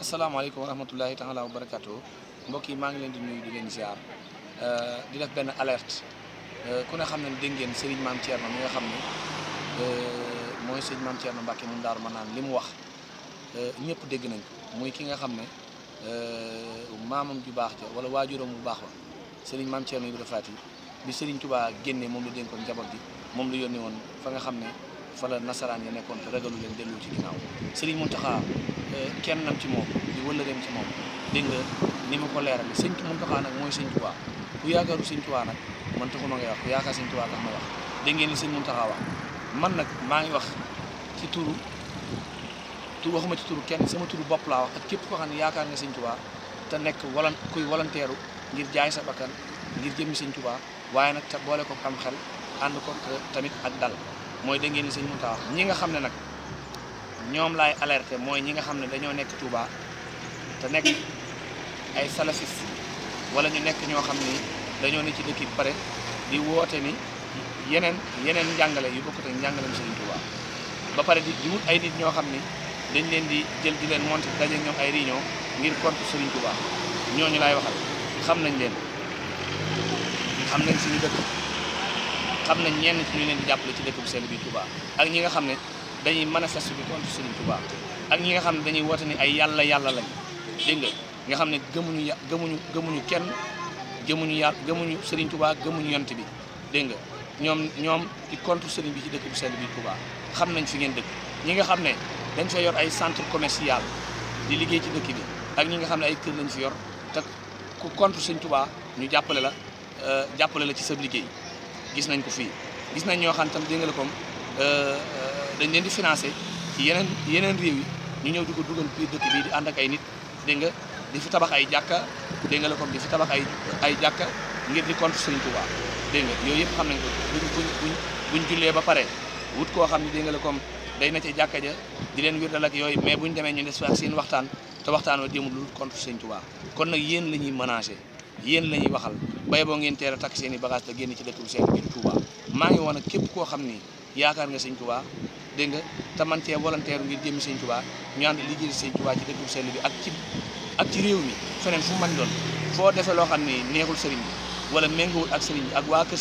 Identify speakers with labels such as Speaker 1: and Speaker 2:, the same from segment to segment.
Speaker 1: asalaamaaleykum wa rahmatullahi taala wa barakaatu mbokk yi maa ngi leen di nuyu di leen ziar euh, di def benn alerte euh, ku ne xam ne dégg ngeen Serigne Mame Thierno mi nga xam ne euh, mooy Serigne Mame Thierno Mbacke moom daaru ma naan li mu wax ñëpp dégg nañ ko muy ki nga xam ne maamam ju baax ja wala waajuram bu baax wa Serigne Mame Thierno Ibrahima Fati bi Serigne Touba génnee moom la dénkoon jaboot bi moom la yónnee woon fa nga xam ne fa la nasaraan ya nekkoon te ragalu leen dellu ci ginnaaw Serigne Mountakha euh, kenn nam ci moom di wëllëreem ci moom dégg nga ni ma ko leerale sëñ Mountakha nag mooy sëñ Touba ku yaakaaru sëñ Touba nag man taxuma ngay wax ku yaakaar sëñ Touba tax dégg ngeen ni sëñ Mountakha wax man nag maa ngi wax ci turu tur ci turu kenn sama turu bopp laa képp koo xam ne yaakaar nga sëñ Touba te nekk walan kuy volontaire ngir jaay sa bakkan ngir jëmmi sëñ tubaa waaye nag te boole ko am xel ànd ko tamit ak dal mooy da ngeen ni sëñ Mouta wax ñi nga xam ne nag ñoom laay alerté mooy ñi nga xam ne dañoo nekk Touba te nekk ay salafis wala ñu nekk ñoo xam ni dañoo ne ci dëkk pare di woote ni yeneen yeneen njàngale yu bokkut ak njàngalem sëñ ba pare di wut ay nit ñoo xam ni dañ leen di jël di leen monté daje ñoom ay réunion ngir contre Serigne Touba ñooñu lay waxal xam nañ leen xam nañ suñu xam nañ ñenn ci ñu leen di jàppale ci dëkk ak ñi nga xam ne dañuy manifeste bi contre Serigne Touba ak ñi nga xam ne dañuy woote ni ay yàlla yàlla lañ dégg nga nga xam ne gëmuñu ya gëmuñu gëmuñu kenn gëmuñu yàlla gëmuñu Serigne Touba gëmuñu yont bi dégg nga ñoom ñoom di contre bi ci dëkk bu sell bi Touba xam nañ fi ngeen dëkk ñi nga xam ne dañ fa yor ay centre commercial di liggéey ci dëkk bi ak ñi nga xam ne ay kër lañ fi yor te ku contre Serigne Touba ñu jàppale la Euh, jàppale la ci sa liggéey gis nañ ko fii gis nañ ñoo xam tam dégg kom la euh, euh, dañ leen di financé ci yeneen yeneen réew yi ñu ñëw di ko dugal biir dëkk bii di ànd ak ay nit dégg nga di fi tabax ay jàkka dégg nga la comme di fi tabax ay ay jàkka ngir di contre Serigne Touba dégg yooyu yëpp xam nañ ko buñ buñ buñ jullee ba pare wut koo xam ne dégg nga la comme day na ca jàkka ja di leen wirdal ak yooyu mais buñ demee ñu des ak seen waxtaan te waxtaan wa jëmul lu contre Serigne Touba kon nag yéen la ñuy menacé yéen la ñuy waxal bay boo ngeen teel a takk seen i bagage te génn ci dëkkul seen biir Touba maa ngi woon ak képp koo xam ni yaakaar nga sëñ Touba dégg nga te man cee volontaire ngir jëmi sëñ Touba ñu ànd liggéey sëñ Touba ci dëkkul seen bi ak ci ak ci réew mi feneen fu man doon foo defee loo xam ni neexul sëriñ bi wala méngawul ak sëriñ bi ak waa kër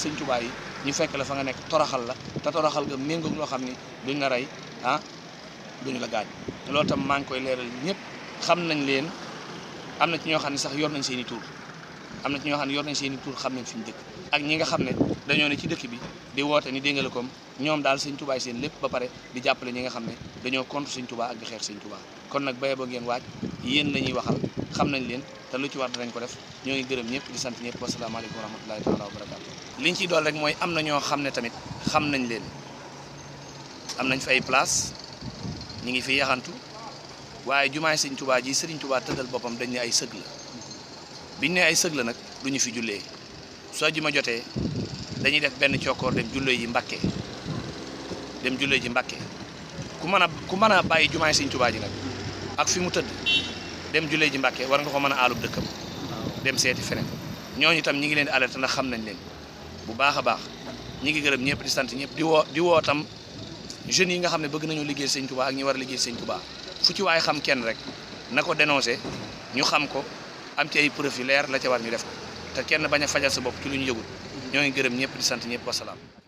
Speaker 1: ñu fekk la fa nga nekk toraxal la te toroxal nga méngoog loo xam ni duñ la rey ah duñu la gaañ loolu tam maa ngi koy leeral ñëpp xam nañ leen am na ci ñoo xam ne sax yoon nañ seeni i am na ci ñoo xam ne yor nañ seen i xam nañ fi ñu ak ñi nga xam ne dañoo ne ci dëkk bi di woote ni déngale koom ñoom daal sëñ tubaay lépp ba pare di jàppale ñi nga xam ne dañoo contre sëñ tubaa xeex sëñ tubaa kon nag baye boo ngeen waaj yéen la ñuy waxal xam nañ leen te lu ci war danañ ko def ñoo ngi gërëm ñëpp di sant ñëpp wasalaamaaleykum wa rahmatullahi taala wa barakatu liñ ciy dool rek mooy am na ñoo xam ne tamit xam nañ leen am nañ fi ay place ñu ngi fi yaxantu waaye jumaay sëñ tubaa ji sëriñ tubaa tëddal boppam dañu ne ay sëg la biñ ne ay sëg nag du ñu fi jullee su àjjuma jotee dañuy def benn cokkoor dem jullee ji Mbàkke dem jullee ji Mbàkke ku mën a ku mën a bàyyi jumaay Sëñ Tuubaa ji nag ak fi mu tëdd dem jullee ji Mbàkke war nga ko mën a aalub dëkkam dem seeti feneen ñooñu tam ñi ngi leen di alerte na xam nañ leen bu baax a baax ñi ngi gërëm ñëpp di sant ñëpp di woo di woo tam jeunes yi nga xam ne bëgg nañoo liggéey Sëñ Tuubaa ak ñi war a liggéey Sëñ Tuubaa fu ci waay xam kenn rek na ko dénoncé ñu xam ko am ci ay profil leer la ca war ñu def te kenn bañ a fajal sa bopp ci lu ñu yëgul ñoo ngi gërëm ñëpp di sant ñëpp wasalaam